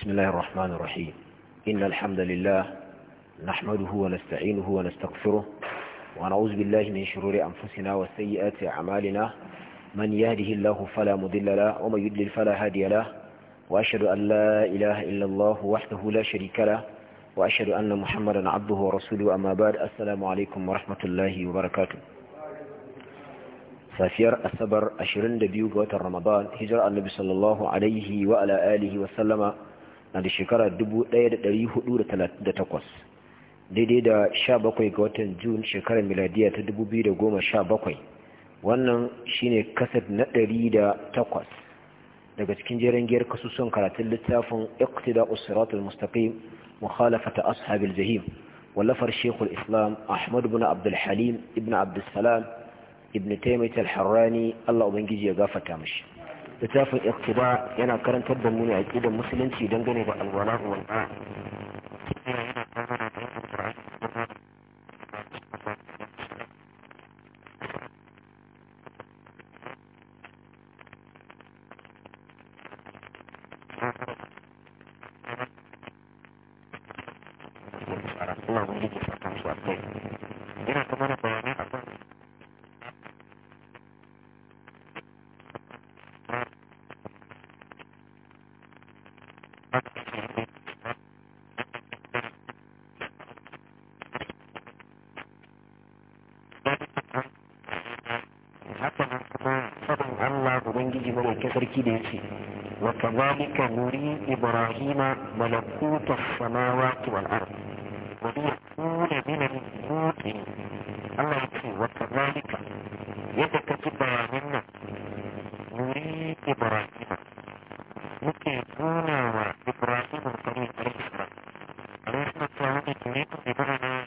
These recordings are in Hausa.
بسم الله الرحمن الرحيم إن الحمد لله نحمده ونستعينه ونستغفره ونعوذ بالله من شرور أنفسنا وسيئات أعمالنا من يهده الله فلا مضل له ومن يضلل فلا هادي له وأشهد أن لا إله إلا الله وحده لا شريك له وأشهد أن محمدا عبده ورسوله أما بعد السلام عليكم ورحمة الله وبركاته سافير asabar 22 دبيو watan ramadan hijirar annabi sallallahu alaihi wa ala alihi na da shekara 1438 daidai da 17 ga watan Jun shekarar miladiya ta 2017 wannan shine kasar na 108 daga cikin jerin giyar kasusun karatun littafin Iqtida'us Siratul Mustaqim mukhalafata ashabil jahim wallafar shekul Islam Ahmad ibn Abdul Halim ibn abdulsalam Salam ibn Taymiyyah al-Harrani Allah ubangiji ya gafarta mashi littafin iktiba yana karantar da mu ne aqidar musulunci dangane da alwala wal كذلك نري إبراهيم ملكوت السماوات والأرض وليكون من الموت الله يكفي وكذلك يدك بياننا نري إبراهيم مكيكون وإبراهيم الكريم عليه السلام عليه السلام يريد بمعنى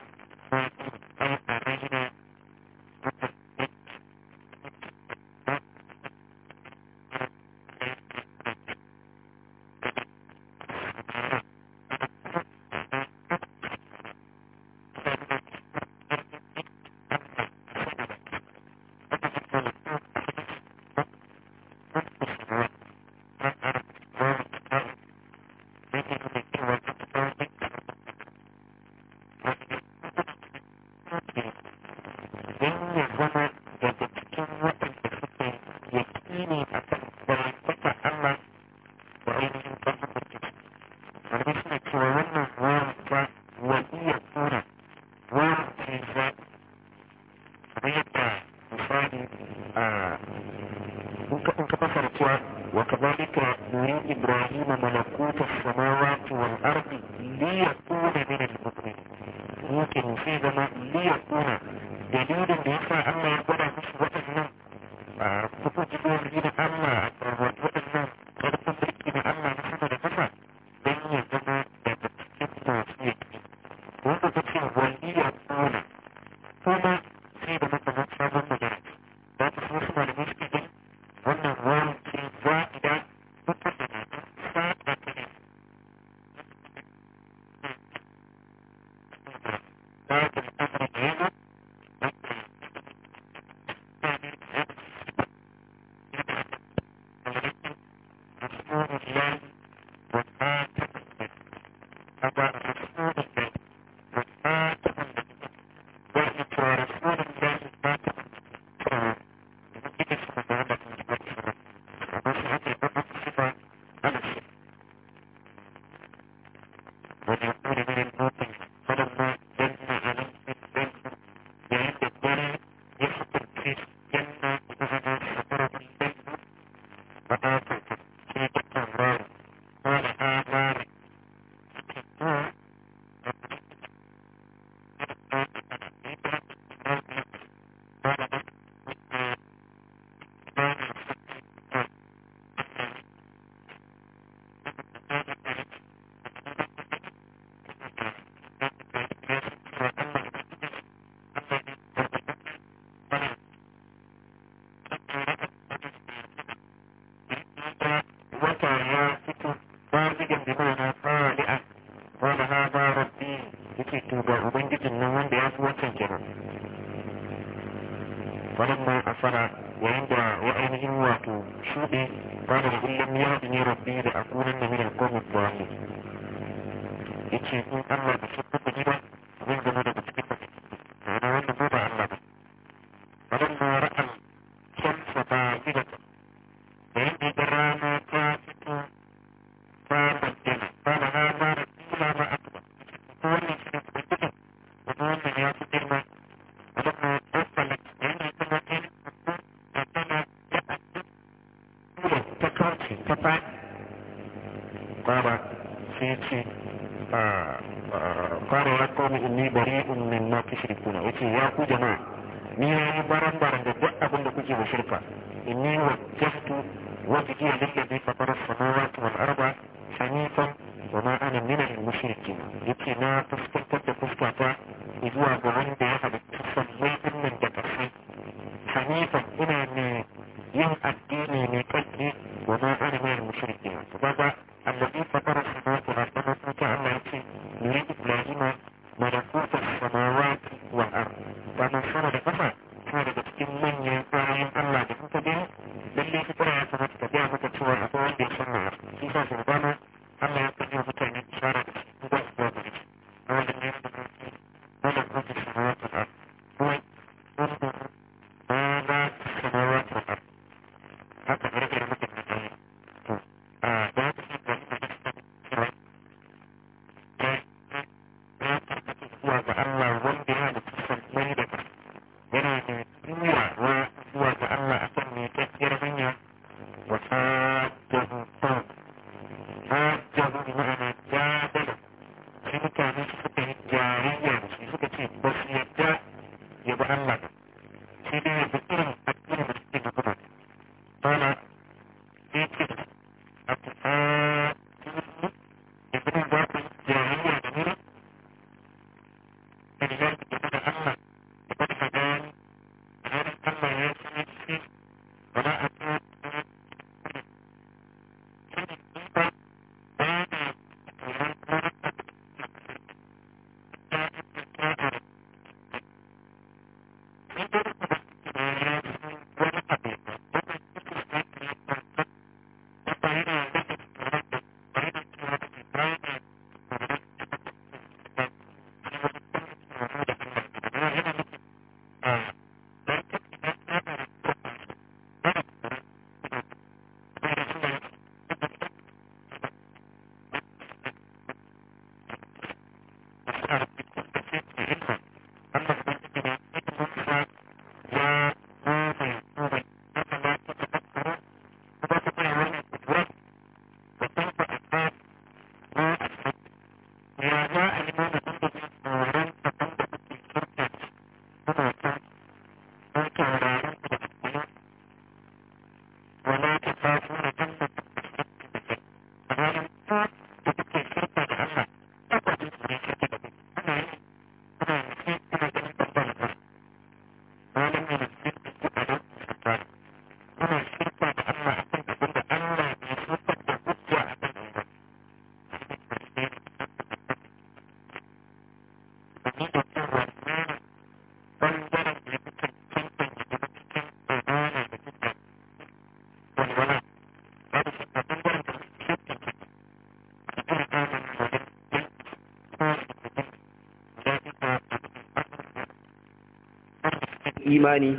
imani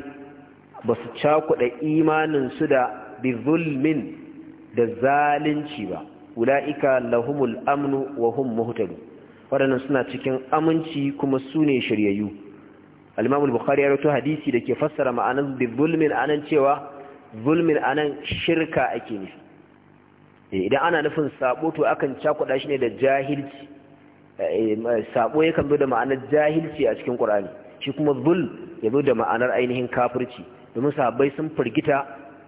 ba su cakuɗa imaninsu da bizulmin da zalunci ba ula'ika lahumul amnu wa hum muhtadu waɗannan suna cikin aminci kuma su ne shiryayyu al-imam bukhari ya rawaito hadisi da ke fassara ma'anar bizulmin anan cewa zulmin anan shirka ake nufi eh, idan ana nufin sabo to akan cakuɗa shi ne da jahilci eh, eh, sabo yakan zo da ma'anar jahilci a cikin Qur'ani shi kuma zul ya zo da ma'anar ainihin kafirci domin sahabbai sun firgita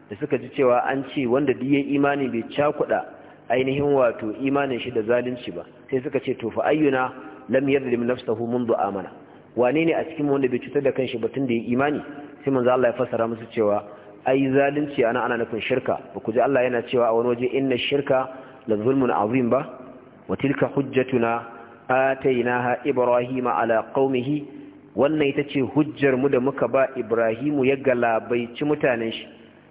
da suka ji cewa an ce wanda duk yayi imani bai cakuda ainihin wato imanin shi da zalunci ba sai suka ce to fa ayyuna lam yadlim nafsahu mundu amana wane ne a cikin wanda bai cutar da kanshi ba tun da ya imani sai manzo Allah ya fassara musu cewa ai zalunci ana ana nufin shirka ba ku ji Allah yana cewa a wani waje inna shirka la zulmun azim ba wa tilka hujjatuna atainaha ibrahima ala qaumihi wannan ita ce hujjar mu da muka ba ibrahimu ya galabaici mutanen shi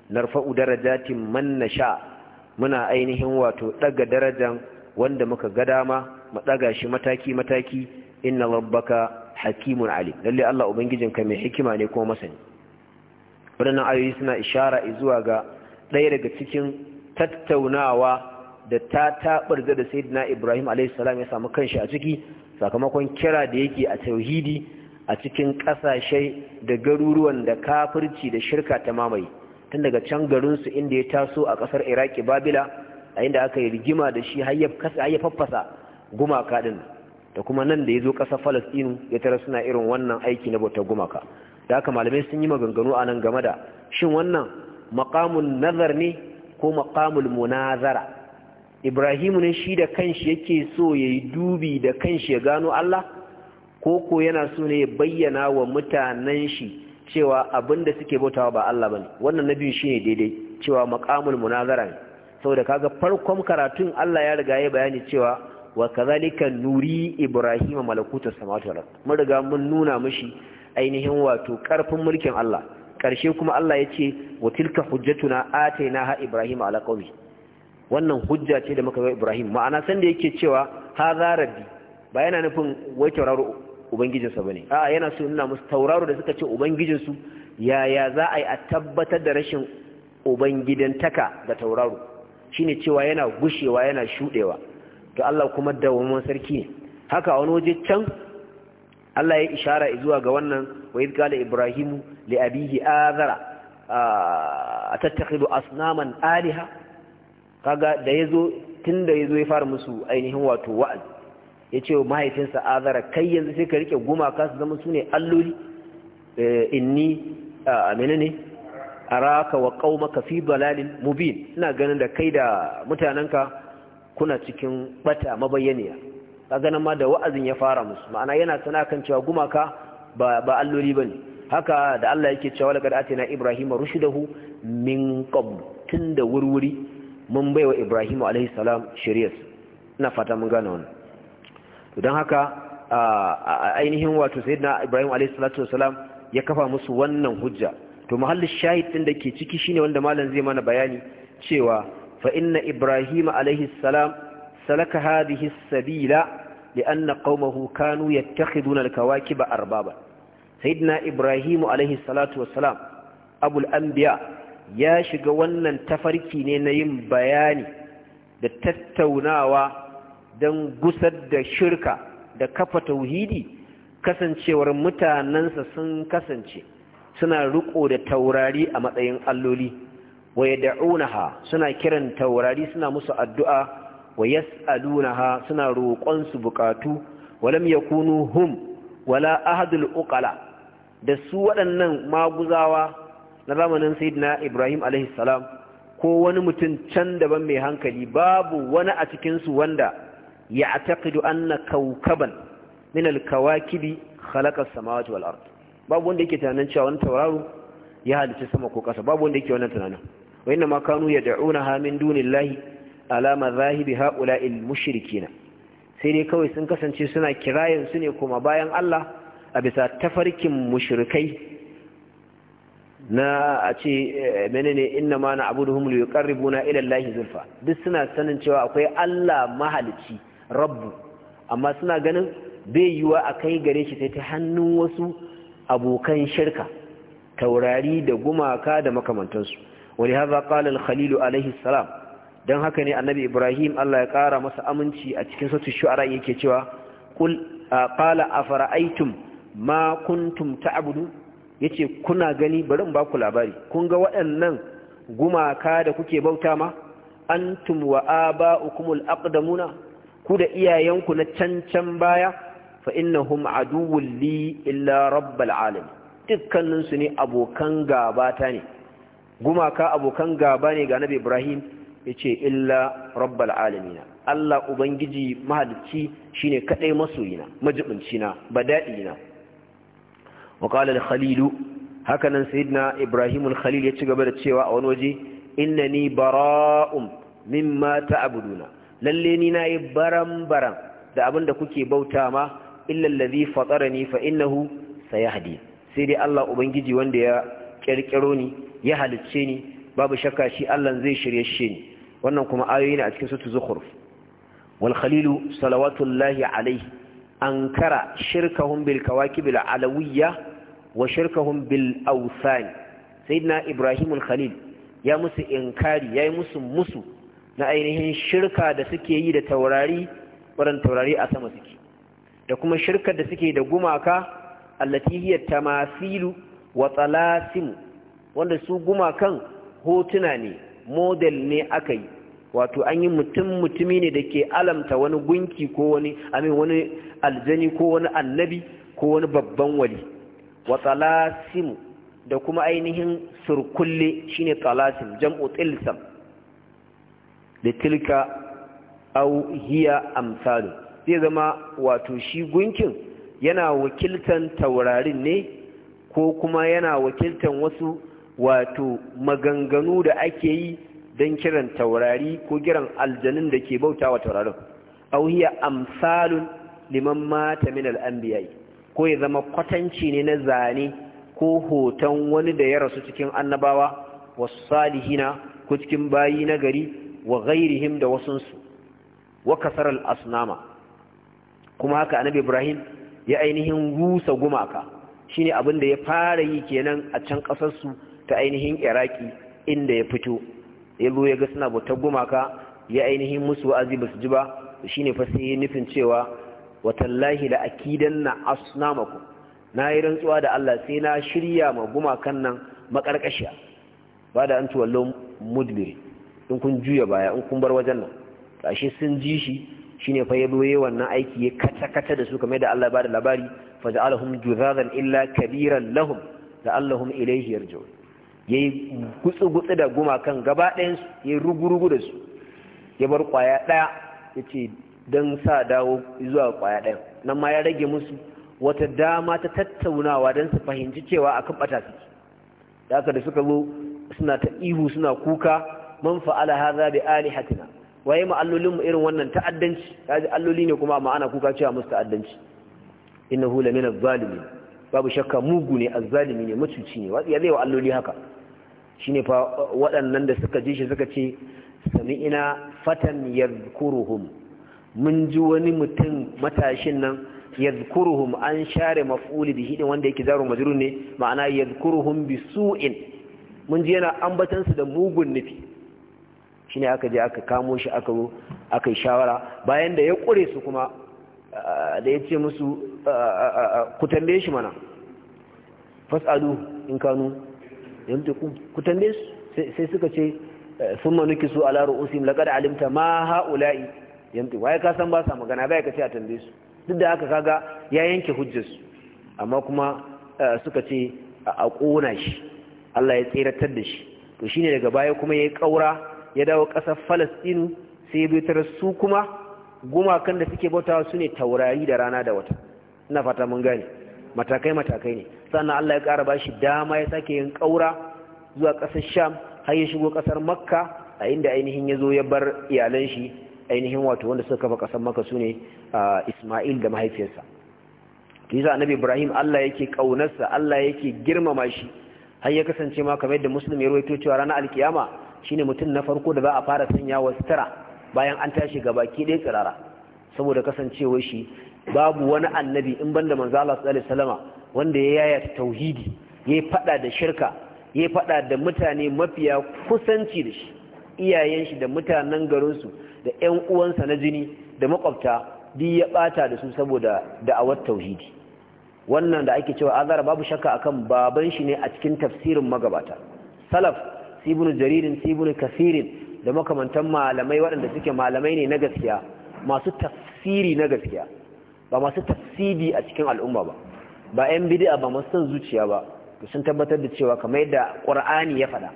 narfa'u darajatin manna sha. muna ainihin wato daga darajan wanda muka ga dama mu daga shi mataki mataki inna rabbaka hakimun alim lalle Allah ka, mai hikima ne kuma masani wadannan ayoyi suna ishara zuwa ga ɗaya daga cikin tattaunawa da ta taɓarza da sayyidina Ibrahim alaihi salam ya samu kanshi a ciki sakamakon kira da yake a tauhidi a cikin ƙasashe da garuruwan da kafirci da shirka ta mamaye tun daga can garinsu inda ya taso a ƙasar iraki babila a inda aka yi rigima da shi gumaka ɗin da kuma nan da ya zo ƙasar falastinu ya tara suna irin wannan aiki na bautar gumaka da haka malamai sun yi maganganu a nan game da shin wannan maƙamun nazar ne ko makamun munazara ibrahimu ne shi da kanshi yake so ya yi dubi da kanshi ya gano allah Koko yana so ne bayyana wa mutanen shi cewa abinda suke bautawa ba Allah bane wannan na biyu shine daidai cewa maqamul munazara saboda kaga farkon karatun Allah ya riga ya bayani cewa wa kazalika nuri ibrahima malakuta samawati wal mun riga mun nuna mishi ainihin wato karfin mulkin Allah karshe kuma Allah ya ce wa tilka hujjatuna atainaha ibrahima ala qawmi wannan hujja ce da muka ga Ibrahim ma'ana san da yake cewa hadha rabbi ba yana nufin wai tauraro ubangijinsa bane a yana so nuna musu tauraro da suka ce ubangijinsu yaya za a yi a tabbatar da rashin ubangidantaka ga tauraro shine cewa yana gushewa yana shuɗewa to Allah kuma da dawamin sarki ne haka wani waje can Allah ya ishara zuwa ga wannan wa idh qala ibrahimu li abihi azara ah, atattakhidu asnaman aliha kaga da yazo ya zo ya fara musu ainihin wato wa'azi ya ce wa mahaifinsa azara kai yanzu sai ka rike gumaka su zama su ne alloli eh, inni a menene raka wa ka fi balalin mubin ina ganin da kai da mutanenka kuna cikin bata mabayyaniya a ganin ma da wa'azin ya fara musu ma'ana yana sana kan cewa gumaka ba ba alloli ne haka da Allah yake cewa gada na ibrahim rushidahu min tun da wurwuri mun baiwa Ibrahim alaihi salam shari'a ina fata mun gane wannan don haka ainihin wato sayyidina ibrahim alaihi ya kafa musu wannan hujja to mahallin shahid ɗin da ke ciki shine wanda malam zai mana bayani cewa fa inna ibrahim alaihi salam salaka hadhihi sabila lianna qaumahu kanu yattakhiduna alkawakiba arbaba sayyidina ibrahim alaihi salatu wasalam abul anbiya ya shiga wannan tafarki ne na yin bayani da tattaunawa don gusar da shirka da kafa tauhidi kasancewar mutanensa sun kasance suna riko da taurari a matsayin alloli wa yad'unaha suna kiran taurari suna musu addu'a wa yas'alunaha suna roƙon su bukatu walam yakunu hum wala ahadul uqala da su waɗannan maguzawa na zamanin sayyidina Ibrahim alaihi salam ko wani mutum can daban mai hankali babu wani a cikin su wanda ya a taƙidu an na kawukaban minal kawakibi halakar samawati wal ardu babu wanda yake tunanin cewa wani tauraro ya halarci sama ko ƙasa babu wanda yake wannan tunanin wa inna ma kanu ya da'una ha min dunillahi alama zahibi haƙula il mushrikina sai dai kawai sun kasance suna kirayen ne kuma bayan Allah a bisa tafarkin mushrikai na a ce menene inna ma na abuduhum liyuqarribuna ila Allah zulfa duk suna sanin cewa akwai Allah mahalici rabbu amma suna ganin bai yiwa a kai gare shi sai ta hannun wasu abokan shirka taurari da gumaka da makamantansu wani haza kalin Khalilu alaihi salam dan haka ne annabi ibrahim Allah ya kara masa aminci a cikin sautin shu'ara yake cewa kala a afara'aytum ma kuntum ya yace kuna gani bari in ba ku labari kun ga waɗannan gumaka da kuke bauta ma antum wa aba'ukumul aqdamuna ku da iyayenku na cancan baya fa innahum aduwwul li illa rabbal alamin dukkanin su ne abokan gaba ta ne gumaka abokan gaba ne ga nabi ibrahim yace illa rabbal alamin Allah ubangiji mahalicci shine kadai masoyina majibincina na wa qala al-khalil hakanan sayyidina ibrahim al-khalil ya ci gaba da cewa a wani waje innani bara'um mimma ta'buduna lalle ni na yi baran-baran da abin da kuke bauta ma illallazi fatarani fa innahu sayahdi sai dai Allah ubangiji wanda ya kirkiro ni ya halicce ni babu shakka shi Allah zai shirye shi ni wannan kuma ayoyi ne a cikin sutu zukhruf wal khalil salawatullahi alayhi ankara shirkahum bil kawakib al alawiyya wa shirkahum bil awthan sayyidina ibrahim al khalil ya musu inkari yayi musu musu na ainihin shirka da suke yi da taurari waɗanda taurari a sama suke da kuma shirkar da suke da gumaka allati hiya tamasilu wa talasim wanda su gumakan hotuna ne model ne aka yi wato an yi mutum mutumi ne da ke alamta wani gunki ko wani amin wani aljani ko wani annabi ko wani babban wali wa da kuma ainihin surkulle shine talasim jam'u tilsam da tilka au hiya amsalu zai zama wato shi gunkin yana wakiltan taurarin ne ko kuma yana wakiltan wasu wato maganganu da ake yi don kiran taurari ko kiran aljanun da ke bauta wa taurarin au hiya amsalun liman mata min al'ambiyai ko ya zama kwatanci ne na zane ko hoton wani da ya rasu cikin annabawa wasu salihina ko cikin bayi na gari wa ghairihim da wasunsu wa kasaral asnama kuma haka annabi ibrahim ya ainihin rusa gumaka shine abin da ya fara yi kenan a can ƙasarsu ta ainihin iraki inda ya fito ya zo ya ga suna bautar gumaka ya ainihin musu wa'azi ba su ji ba shine fa sai nufin cewa watallahi la akidanna asnamakum na yi rantsuwa da Allah sai na shirya ma gumakan nan makarkashiya ba da an tuwallo mudbiri in kun juya baya in kun bar wajen nan ashe sun ji shi shine fa yabo yayi wannan aiki ya kata kata da su kamar da Allah ba da labari fa ja'alahum juzadan illa kabiran lahum la'allahum ilayhi yarji'un yayi gutsu gutsu da gumakan gaba ɗayan su yayi rugurugu da su ya bar kwaya ɗaya yace dan sa dawo zuwa kwaya ɗaya nan ma ya rage musu wata dama ta tattaunawa dan su fahimci cewa akan bata su da da suka zo suna ta ihu suna kuka man fa'ala hadha bi alihatina waye ma mu irin wannan ta'addanci kaji alloli ne kuma ma'ana kuka cewa musu ta'addanci innahu lamin az-zalimin babu shakka mugu ne az-zalimi ne mutuci ne wai zai wa alloli haka shine fa waɗannan da suka ji shi suka ce sami'ina fatan yadhkuruhum mun ji wani mutum matashin nan yadhkuruhum an share maf'ul bihi din wanda yake zaru majrur ne ma'ana yadhkuruhum bisu'in mun ji yana ambatan su da mugun nufi ne aka je aka kamo shi aka yi shawara bayan da ya ƙure su kuma ah, da ya ce musu ah, ah, ku tambaye shi mana fasadu in kanu yanzu ku tambaye su sai suka ce sun eh, manuki su ala ru'usim laqad alimta ma haula'i yanzu waye ka san ba sa magana bai ka ce a tambaye su duk da aka kaga ya yanke hujjarsu. amma kuma eh, suka ce a ƙona shi Allah ya tseratar da shi to shine daga baya kuma yayi ƙaura? ya dawo ƙasar falastinu sai bai tara su kuma gumakan da suke bautawa su ne taurari da rana da wata na fata mun gane matakai matakai ne sannan Allah ya ƙara ba shi dama ya sake yin ƙaura zuwa ƙasar sham har ya shigo ƙasar makka a inda ainihin ya zo ya bar iyalan shi ainihin wato wanda suka kafa ƙasar makka su ne isma'il da mahaifiyarsa kisa annabi ibrahim Allah yake ƙaunarsa Allah yake girmama shi har ya kasance ma kamar yadda musulmi ya rawaito cewa ranar alkiyama shine mutum na farko da za a fara sanya wa sitara bayan an tashi gaba ki ɗaya tsirara saboda kasancewar shi babu wani annabi in banda manzo Allah sallallahu alaihi wanda ya yaya tauhidi ya faɗa da shirka ya faɗa da mutane mafiya kusanci da shi iyayen shi da mutanen garinsu, da ƴan uwansa na jini da makwabta duk ya ɓata da su saboda da da'awar tauhidi wannan da ake cewa azara babu shakka akan baban shi ne a cikin tafsirin magabata salaf sibunu jaririn sibunu kasirin da makamantan malamai waɗanda suke malamai ne na gaskiya masu tafsiri na gaskiya ba masu tafsiri a cikin al'umma ba ba 'yan bid'a ba masu son zuciya ba sun tabbatar da cewa kamar yadda ƙur'ani ya faɗa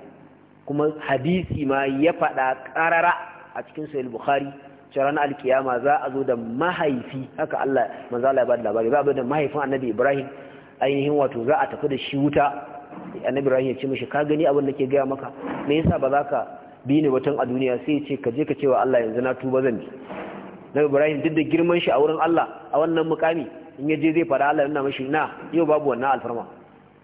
kuma hadisi ma ya faɗa ƙarara a cikin sahih bukhari cewa ranar alkiyama za a zo da mahaifi haka Allah manzo Allah ya ba da labari za a zo da mahaifin annabi Ibrahim ainihin wato za a tafi da shi wuta annabi rahim ya ce mishi ka gani abin da ke gaya maka me yasa ba za ka bi ni watan a duniya sai ce ka je ka cewa Allah yanzu na tuba zan bi Nabi Ibrahim duk da girman shi a wurin Allah a wannan mukami in ya je zai fara Allah yana mishi na yau babu wannan alfarma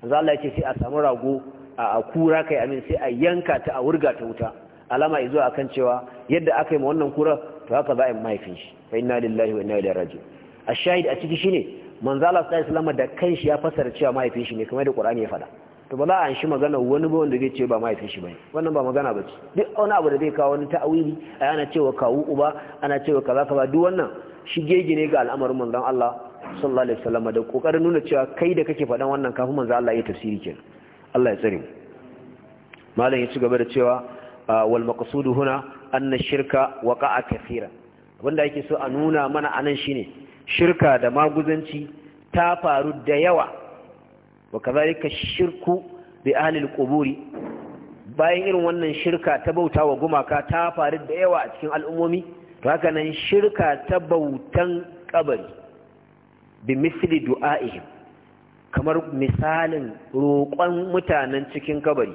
yanzu Allah ya ce sai a samu rago a kura kai amin sai a yanka ta a wurga ta wuta alama izo akan cewa yadda aka yi ma wannan kura to haka za a yi mahaifin shi fa inna lillahi wa inna ilaihi raji'un ashahid a ciki shine manzo Allah sallallahu alaihi wasallam da kanshi ya fasara cewa mahaifin shi ne kamar da Qur'ani ya faɗa to ba za a shi magana wani ba wanda zai ce ba mai fishi bane wannan ba magana ba duk wani abu da zai kawo wani ta'awili a ana cewa kawu uba ana cewa kaza kaza duk wannan shigege ne ga al'amarin manzon Allah sallallahu alaihi wasallam da kokarin nuna cewa kai da kake faɗan wannan kafin manzon Allah ya tafsiri ke Allah ya tsare mu malam ya ci gaba da cewa ah, wal maqsud huna anna shirka waqa'a kafira wanda yake so a nuna mana anan shine shirka da maguzanci ta faru da yawa wa kazalika shirku bi ahli al bayan irin wannan shirka ta bauta wa gumaka ta faru da yawa a cikin al'ummomi to haka nan shirka ta bautan kabari bi misli du'a'ihim kamar misalin roƙon mutanen cikin kabari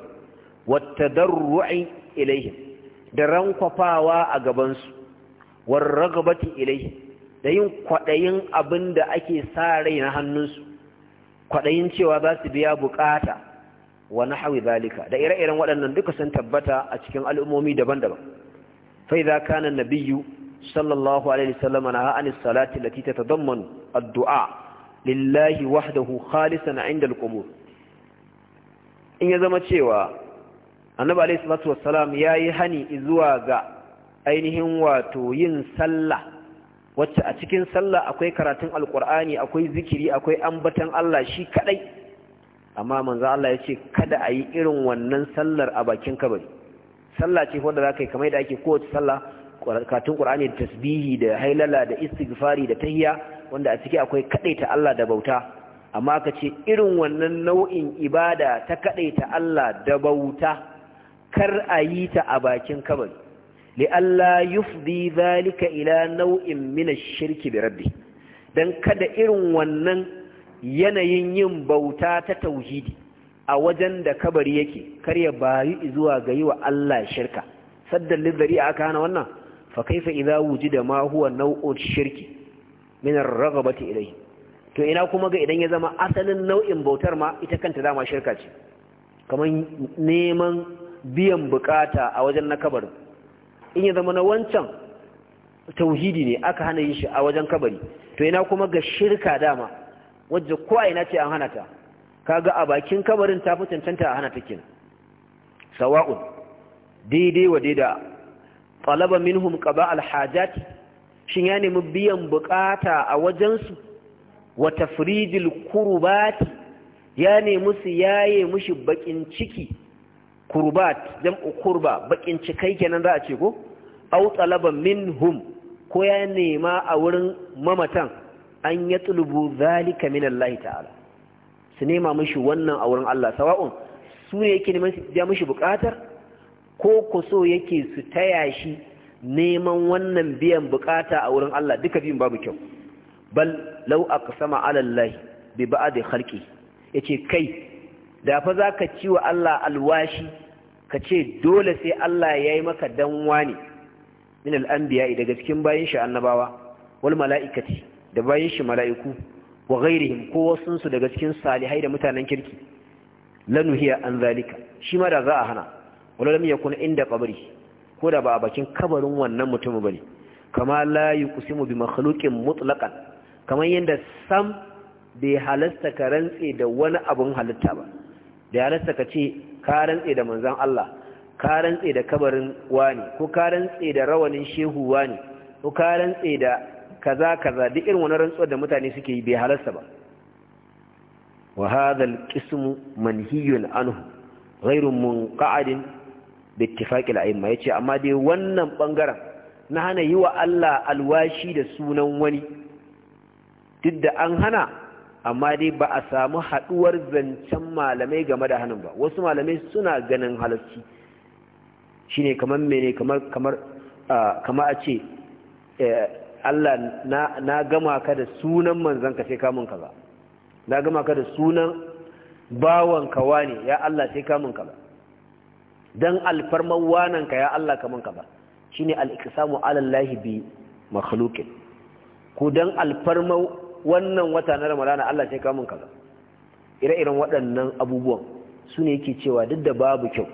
wata darru'i ilaihim da rankwafawa a gabansu warragabati ilaihim da yin kwaɗayin abin da ake sa rai na hannunsu kwaɗayin cewa za su biya bukata wa hawi zalika da ire-iren waɗannan duka sun tabbata a cikin al'ummomi daban-daban fa idza kana nabiyyu sallallahu alaihi wasallam naha an salati lati tatadammanu addu'a lillahi wahdahu khalisan 'inda al in ya zama cewa annabi alaihi salatu ya yayi hani zuwa ga ainihin wato yin sallah wacce a cikin sallah akwai karatun alkur'ani akwai zikiri akwai ambatan Allah shi kadai amma manzo Allah ya ce kada a yi irin wannan sallar a bakin kabari sallah ce wanda za ka yi kamar da ake kowace sallah karatun qur'ani da tasbihi da hailala da istighfari da tahiyya wanda a ciki akwai kadaita Allah da bauta amma ka ce irin wannan nau'in ibada ta kadaita Allah da bauta kar a yi ta a bakin kabari li'alla yufdi zalika ila nau'in min ash-shirki bi rabbi dan kada irin wannan yanayin yin bauta ta tauhidi a wajen da kabari yake kar ya bayi zuwa ga yi wa Allah shirka saddan lidari aka hana wannan fa kaifa idza wujida ma huwa nau'un shirki min ar-raghabati ilayhi to ina kuma ga idan ya zama asalin nau'in bautar ma ita kanta dama shirka ce kamar neman biyan bukata a wajen na kabarin in ya zama na wancan tauhidi ne aka hana yin shi a wajen kabari to ina kuma ga shirka dama wajen kowa ina ce an hana ta kaga a bakin kabarin ta fi cancanta a hana ta kenan sawa'un daidai wa daida talaba minhum qaba alhajat shin ya nemi biyan bukata a wajen su wa tafrijil kurbati ya nemi su yaye mushi bakin ciki kurbat jam'u kurba bakin cikai kenan za a ce ko aw talaba minhum ko ya nema a wurin mamatan an ya tulubu zalika min Allah ta'ala su nema mishi wannan a wurin Allah sawa'un su ne yake neman ya mishi bukatar ko ko so yake su taya shi neman wannan biyan bukata a wurin Allah duka biyun babu kyau bal law aqsama ala Allah bi ba'd khalqi yace kai da fa za ka ci wa Allah alwashi ka ce dole sai Allah ya yi maka danwa ne min al'ambiya daga cikin bayan shi annabawa wal mala'ikati da bayan shi mala'iku wa gairihim ko wasunsu daga cikin salihai da mutanen kirki lanuhi an zalika shi ma da za a hana wala lam yakun inda qabri ko da ba a bakin kabarin wannan mutumin bane kama la yuqsimu bi makhluqin mutlaqan kamar yanda sam bai halasta ka rantse da wani abun halitta ba da ya lasta ka ce ka rantse da manzan Allah ka rantse da kabarin wani ko ka da rawanin shehu wani ko ka da kaza kaza duk irin wani rantsuwar da mutane suke yi bai halarsa ba wa hadha al-qism manhiyun anhu ghairu munqa'id bi ittifaq al-a'imma yace amma dai wannan bangaren na hana yi wa Allah alwashi da sunan wani duk da an hana amma dai ba a samu haduwar zancen malamai game da hannun ba wasu malamai suna ganin halarci shine kamar mene kamar kamar a ce e, Allah na gama ka da sunan manzan ka sai kamun kaza na gama ka da sunan bawan kawa ne ya Allah sai kamun kaza don alfarman wanan ka ya Allah kamun kaza shine shi ne ala Allah bi makhluqin ku don alfarman wannan wata na ramadana Allah sai kamun kaza ire-iren waɗannan abubuwan su ne yake cewa duk da babu kyau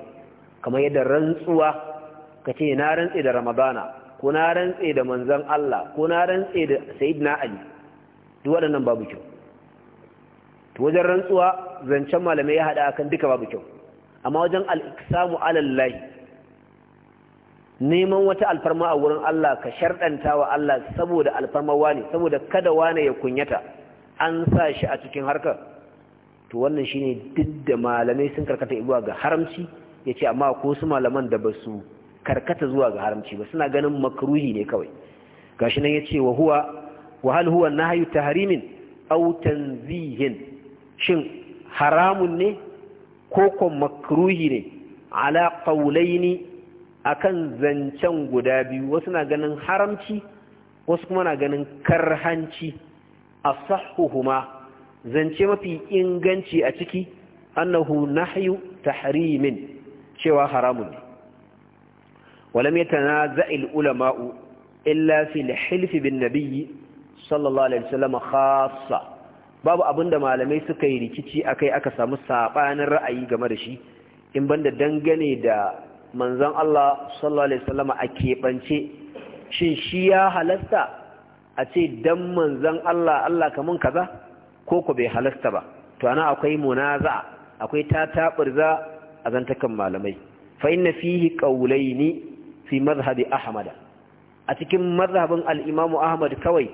kamar yadda rantsuwa ka ce na rantse da ramadana ko na rantse da manzan Allah ko na rantse da na ali duk waɗannan babu kyau to wajen rantsuwa zancen malamai ya haɗa akan duka babu kyau amma wajen al'iksamu alallahi neman wata alfarma a wurin Allah ka sharɗanta wa Allah saboda alfarma wani, saboda kada wane ya kunyata an sa shi a cikin harkar to wannan shi ne duk da malamai sun karkata zuwa ga haramci ya ce amma ko su malaman da ba su karkata zuwa ga haramci ba suna ganin makruhi ne kawai Ga shi nan ya ce wa huwa wa hal huwa Harimin Autan zihin tanzihin shin haramun ne ko ko makruhi ne ala qawlaini akan zancen guda biyu wasu na ganin haramci wasu kuma na ganin karhanci A asahuhuma zance mafi inganci a ciki annahu nahyu tahrimin cewa haramun ne ولم ulama'u العلماء إلا في الحلف bin صلى sallallahu alaihi وسلم khassa babu abin da malamai suka yi rikici akai aka samu sabanin ra'ayi game da shi in banda dangane da Manzan Allah sallallahu alaihi wasallam a keɓance shin shi ya halasta a ce dan manzan Allah Allah kaman kaza ko ku bai halasta ba to ana akwai munaza akwai ta tataburza a zantakan malamai fa inna fihi qawlaini fi mazhabi ahmad a cikin mazhabin al-imamu ahmad kawai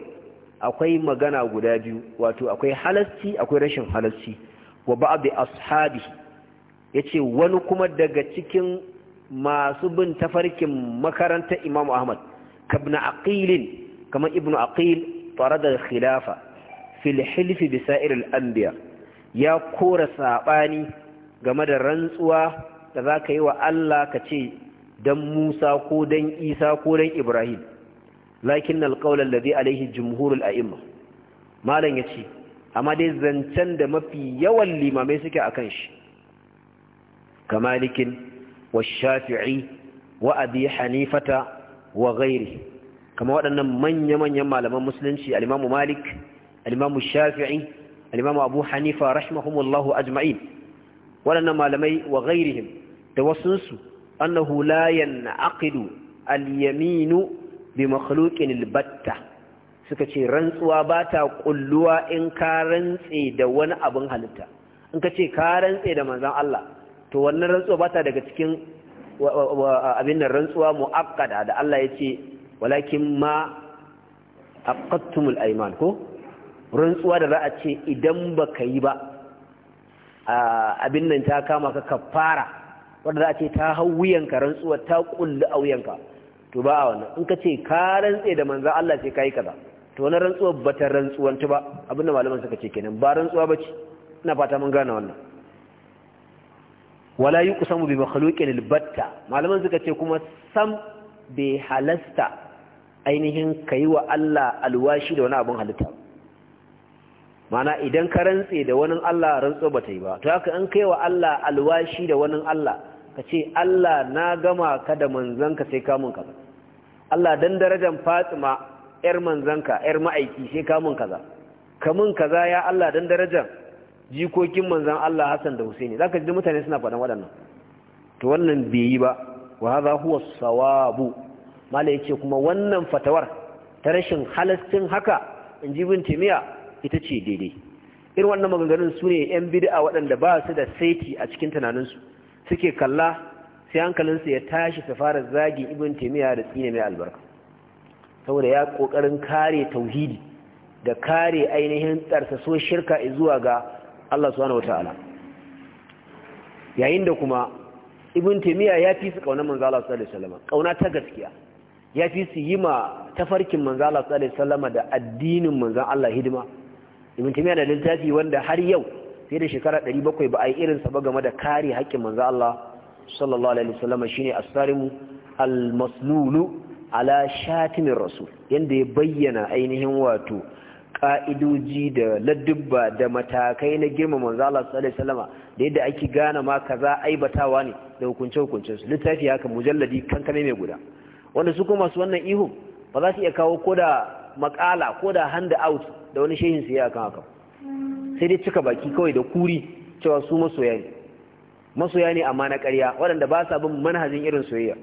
akwai magana guda biyu wato akwai halasci akwai rashin halasci wa ba'd ashabi yace wani kuma daga cikin masu bin tafarkin makarantar Imam Ahmad kabn aqilin kamar ibn aqil tare da khilafa fil hilf bi sa'ir al anbiya ya kora sabani game da rantsuwa da zaka yi wa Allah ka ce dan Musa ko dan Isa ko dan Ibrahim lakin al qawl alladhi alayhi jumhur al a'imma malan yace amma dai zancen da mafi yawan limamai suke akan shi kamalikin والشافعي وأبي حنيفة وغيره كما وأن من يمن يما لما مسلم الإمام مالك الإمام الشافعي الإمام أبو حنيفة رحمهم الله أجمعين وأن ما لمي وغيرهم توسنس أنه لا ينعقد اليمين بمخلوق البتة suka ce rantsuwa ba ta kulluwa in ka rantse da wani abin halitta in ka ce ka rantse da manzan Allah to wannan rantsuwa ba ta daga cikin abin nan rantsuwa mu'akkada da Allah ya ce walakin ma aqattumul ayman ko rantsuwa da za a ce idan baka yi ba abin nan ta kama ka kafara wanda za a ce ta hau wuyanka rantsuwa ta kulli a wuyanka to ba a wannan in ka ce ka rantse da manzo Allah sai ka yi kaza to wani rantsuwa ba ta rantsuwantu ba abinda malaman suka ce kenan ba rantsuwa ba ce ina fata mun gane wannan wala yi mu bi makhluqin albatta malaman suka ce kuma sam bai halasta ainihin kai wa Allah alwashi da wani abin halitta mana idan ka rantse da wani Allah rantso ta yi ba to haka an kai wa Allah alwashi da wani Allah ka ce Allah na gama ka da manzanka sai kamun kaza Allah dan darajar Fatima yar manzanka yar ma'aiki sai kamun kaza kamun kaza ya Allah dan darajar jikokin manzan Allah Hassan da za ka ji mutane suna faɗin waɗannan to wannan bai yi ba wa haza huwa sawabu mala ce kuma wannan fatawar ta rashin halastin haka in ji bin timiya ita ce daidai irin wannan maganganun su ne yan a waɗanda ba su da saiti a cikin tunaninsu suke kalla sai hankalinsu ya tashi su fara zagi ibin temiya da tsine mai albarka saboda ya kokarin kare tauhidi da kare ainihin tsarsa so shirka zuwa ga Allah subhanahu wataala yayin da kuma ibn taymiya ya fi su kaunar manzo Allah sallallahu alaihi wasallam kauna ta gaskiya ya fi su yi ma tafarkin manzo Allah sallallahu alaihi wasallam da addinin manzo Allah hidima ibn taymiya da littafi wanda har yau fiye da shekara 700 ba a irin sa ba game da kare haƙƙin manzo Allah sallallahu alaihi wasallam shine as-sarimu al-maslulu ala shatimin rasul yanda ya bayyana ainihin wato ka'idoji da ladubba da matakai na girma manzo Allah sallallahu alaihi wasallama da yadda ake gane ma kaza aibatawa ne da hukunce hukunce su littafi haka mujalladi kankame mai guda wanda su kuma su wannan ihu ba za su iya kawo koda makala koda hand out da wani shehin su yi akan haka sai dai cika baki kawai da kuri cewa su masoya ne masoya ne amma na ƙarya waɗanda ba sa bin manhajin irin soyayya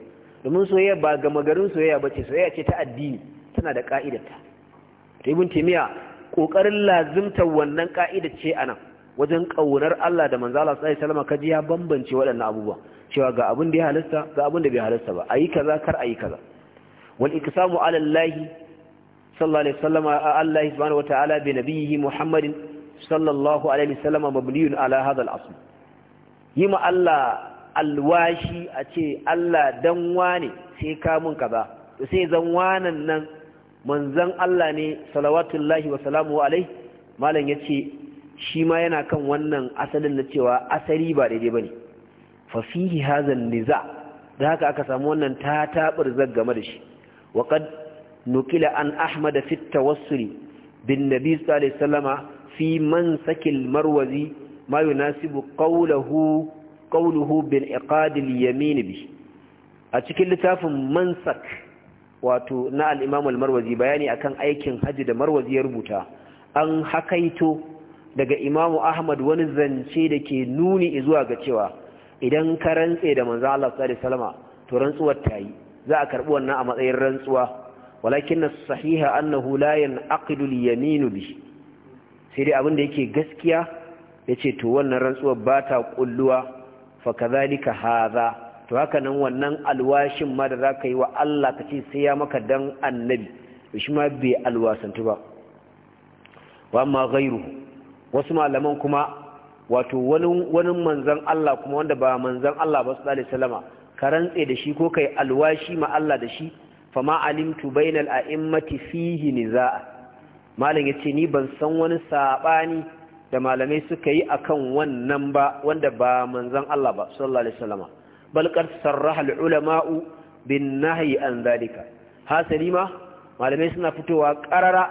domin soyayya ba gama garin soyayya ba ce soyayya ce ta addini tana da ƙa'idarta to ibn taymiya ƙoƙarin lazimta wannan ƙa'ida ce anan wajen ƙaunar Allah da Manzala Allah sallallahu alaihi wasallam kaji ya bambance waɗannan abubuwa cewa ga abin da ya halasta ga abin da bai halasta ba a yi kaza kar a yi kaza wani iksamu samu Allah sallallahu alaihi wasallam Allah subhanahu wataala bi nabiyhi Muhammadin sallallahu alaihi wasallam mabniyun ala hadha al-asl yi ma Allah alwashi a ce Allah dan wane sai ka mun kaza sai zan wanan nan manzan Allah ne salawatullahi wa salamu alai malam ya ce shi ma yana kan wannan asalin na cewa asali ba daidai ba ne fasihi hazan niza da haka aka samu wannan ta taɓar zaggama da shi waƙad nukila an ahmada wasu tawassuli bin nabi sallallahu fi man sakil marwazi ma yunasibu qawluhu qawluhu bil bin yamin bi a cikin littafin mansak wato na alimam al-marwazi bayani akan aikin hajji da marwazi ya rubuta an hakaito daga imamu ahmad wani zance da ke nuni zuwa ga cewa idan ka rantse da manzan Allah su alaihi salama, to rantsuwar ta yi za a karbi wannan a matsayin rantsuwa walakin na sahiha annahu la yanqidu yaminu yamin bi sai dai abin da yake gaskiya ya ce to wannan rantsuwar ba ta kulluwa fa ka hadha to haka nan wannan alwashin ma da za ka yi wa Allah ka ce sai ya maka dan annabi shi ma bai alwasantu ba wa ma gairu, wasu malaman kuma wato wani manzan Allah kuma wanda ba manzan Allah ba su alaihi Salama ka rantse da shi ko kai alwashi ma Allah da shi fama alimtu bainal a'immati fihi nizaa malam yace ni ban san wani sabani da malamai suka yi akan wannan ba wanda ba manzan Allah ba sallallahu alaihi wasallam bal qad sarraha al-ulama'u bin nahyi an zalika hasali ma malamai suna fitowa qarara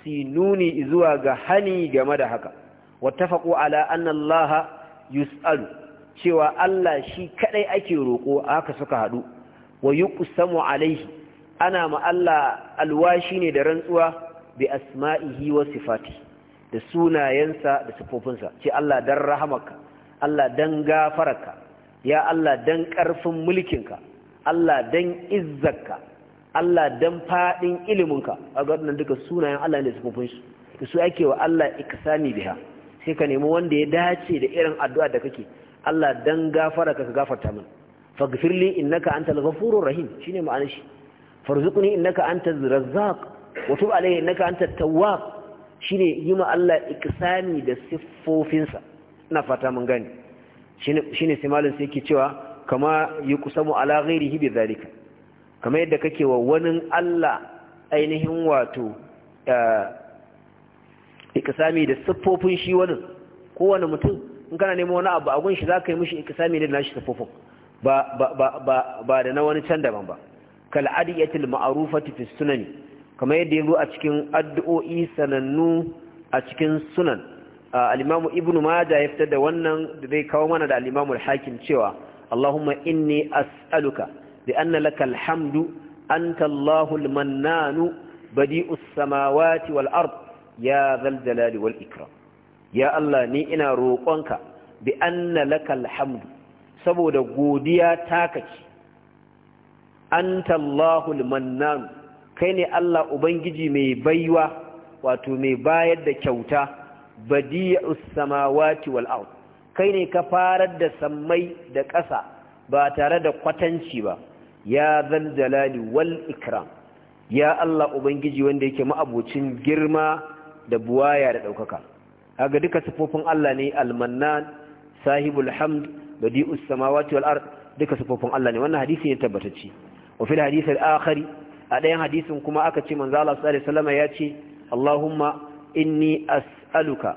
sinuni zuwa ga hani game da haka wattafaqu ala anna Allah yus'alu cewa Allah shi kadai ake roko haka suka hadu wa yuqsamu alaihi ana ma Allah alwashi ne da rantsuwa bi asma'ihi wa sifati da sunayensa da sifofinsa ce Allah dan rahamaka Allah dan gafaraka ya Allah dan ƙarfin mulkinka Allah dan izzarka Allah dan faɗin iliminka a waɗannan duka sunayen Allah ne sufufin su da su ake wa Allah ikisami biha sai ka nemi wanda ya dace da irin addu'a da kake Allah dan gafara ka ka gafarta min faghfirli innaka antal ghafurur rahim shine ma'anar shi farzuqni innaka antaz razzaq wa tub alayya innaka antat tawwab shine yi ma Allah ikisami da siffofinsa ina fata mun gani shine sai malam sai yake cewa kama yuqsamu ala ghairihi bi zalika kama yadda kake wa wani Allah ainihin wato eh, ikasami da sifofin shi wani kowane mutum in kana neman wani abu a gun za ka yi mishi sami da nashi sifofin ba da na wani can daban ba kal adiyatil ma'arufati fi sunani kamar yadda yazo a cikin addu'o'i sanannu a cikin sunan Alimamu imamu ibnu ya fitar da wannan da zai kawo mana da al-imamu hakim cewa allahumma inni as'aluka bi anna lakal hamdu anta allahul mannanu badi'us samawati wal ard ya zal wal ikra. ya allah ni ina roƙonka bi anna lakal alhamdu saboda godiya ta kaci anta allahul mannanu kai ne allah ubangiji mai baiwa wato mai bayar da kyauta badi'us samawati wal ard kai ne ka farar da sammai da ƙasa ba tare da kwatanci ba ya zal jalali wal ikram ya Allah ubangiji wanda yake ma'abocin girma da buwaya da ɗaukaka kaga duka sifofin Allah ne almannan sahibul hamd badi'us samawati wal ard duka sifofin Allah ne wannan hadisi ne tabbatacce wa fil hadisi al a ɗayan hadisin kuma aka ce manzo Allah sallallahu alaihi wasallam ya ce Allahumma inni as'aluka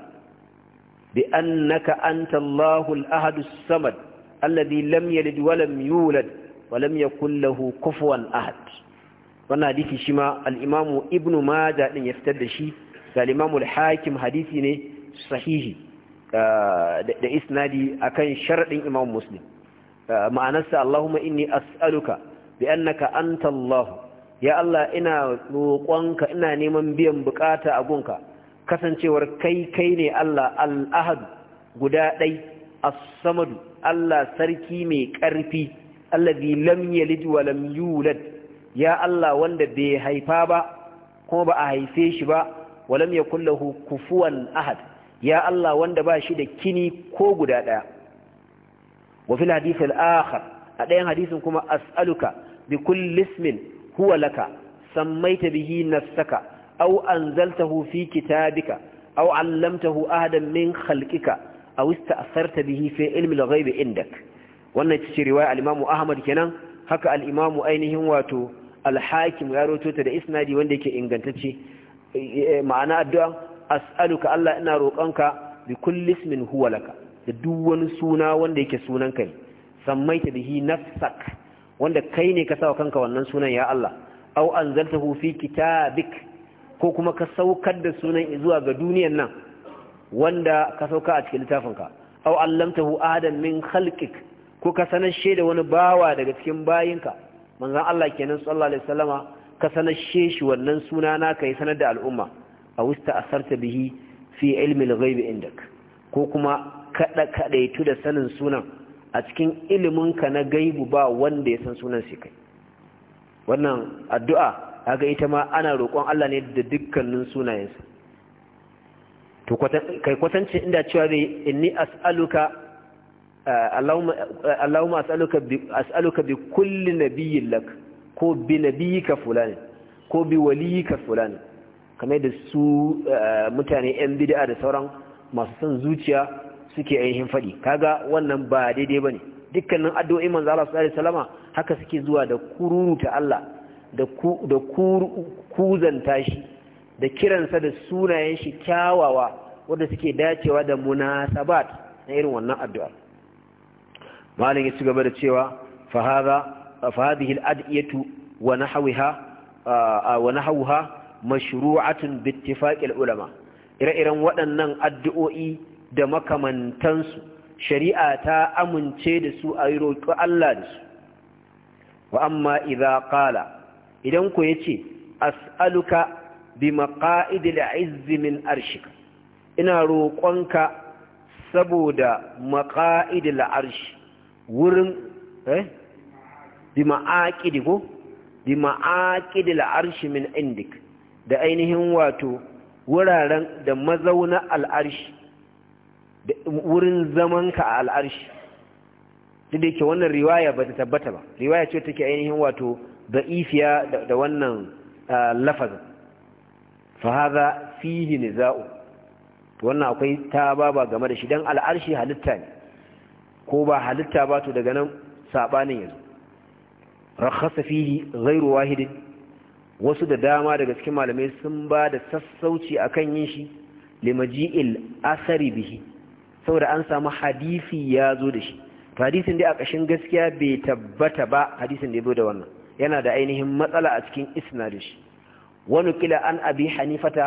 bi annaka anta Allahu al-ahad as-samad alladhi lam yalid wa lam yulad wa lam yakul lahu kufuwan ahad wannan hadisi shima al-imamu ibnu majah din ya fitar da shi ga al-imamu al-hakim hadisi ne sahihi ah, da isnadi akan sharadin imam muslim ah, ma'anarsa Allahumma inni as'aluka bi annaka anta Allah ya Allah ina roƙonka ina neman biyan bukata a gunka kasancewar kai kai ne Allah al guda ɗai a samadu Allah sarki mai ƙarfi bi lam yalid wa lam yulad ya Allah wanda bai haifa ba kuma ba a haife shi ba Walam ya yakul lahu kufuwan ahad ya Allah wanda ba shi da kini ko guda ɗaya wa fil hadith al-akhar a ɗayan hadisin kuma as'aluka bi kulli ismin huwa laka sammaita bihi nafsaka aw anzaltahu fi kitabika aw allamtahu ahadan min khalqika aw ista'sarta bihi fi ilmi al-ghayb indak wannan ita ce riwaya al-imamu ahmad kenan haka al-imamu ainihin wato al-hakim ya rawaito da isnadi wanda yake ingantacce ma'ana addu'a as'aluka Allah ina roƙonka bi kulli ismin huwa laka da duk wani suna wanda yake sunan kai sammaita bihi nafsak wanda kai ne ka sa kanka wannan sunan ya Allah aw anzaltahu fi kitabika ko kuma ka saukar da sunan zuwa ga duniyan nan wanda ka sauka a cikin littafinka aw allamtahu adam min khalqik ko ka sanar da wani bawa daga cikin bayinka manzon Allah kenan sallallahu alaihi wasallama ka sanar shi wannan suna na kai sanar da al'umma a wista asarta bihi fi ilmi al ghayb indak ko kuma kada kadaitu da sanin sunan a cikin iliminka na gaibu ba wanda ya san sunan shi kai wannan addu'a aga ita ma ana roƙon Allah ne da dukkanin sunayensa to kai kwatance inda cewa zai inni as'aluka eh, eh, Allahumma as'aluka bi as'aluka bi kulli nabiyyin lak ko bi nabiyyika fulani ko bi waliyika fulani kamar da su eh, mutane yan bid'a da sauran masu son zuciya suke ainihin faɗi kaga wannan ba daidai bane dukkanin addu'o'i manzo Allah sallallahu alaihi wasallama haka suke zuwa da kururu ta Allah da kuzanta shi da kiransa da sunayen shi kyawawa wanda suke dacewa da munasabat na irin wannan addu'a malin ya ci gaba da cewa fahadhihi adiyatu wa nahwiha wa mashru'atun bi ulama ire-iren waɗannan addu'o'i da makamantansu shari'a ta amince da su a yi roƙi Allah da su wa amma idza qala idan ku ya ce as'aluka bi maƙa'idil izzi min arshika ina roƙonka saboda maqa'idil arshi wurin eh bi ma'aƙidi ko bi ma'aqidil arshi min indik da ainihin wato wuraren da mazauna al'arshi wurin zamanka a al'arshi duk da yake wannan riwaya ba ta tabbata ba riwaya ce take ainihin wato Za'ifiya da wannan lafazin fa haza fihi niza'u wannan akwai ta baba game da shi dan al'arshi halitta ne ko ba halitta ba to daga nan sabanin yanzu rakhasa fihi ghairu wahid wasu da dama daga cikin malamai sun ba da sassauci akan yin shi limaji'il asari bihi saboda an samu hadisi ya zo da shi hadisin dai a ƙashin gaskiya bai tabbata ba hadisin da ya da wannan yana da ainihin matsala a cikin isnadishi wani kila an abi hanifata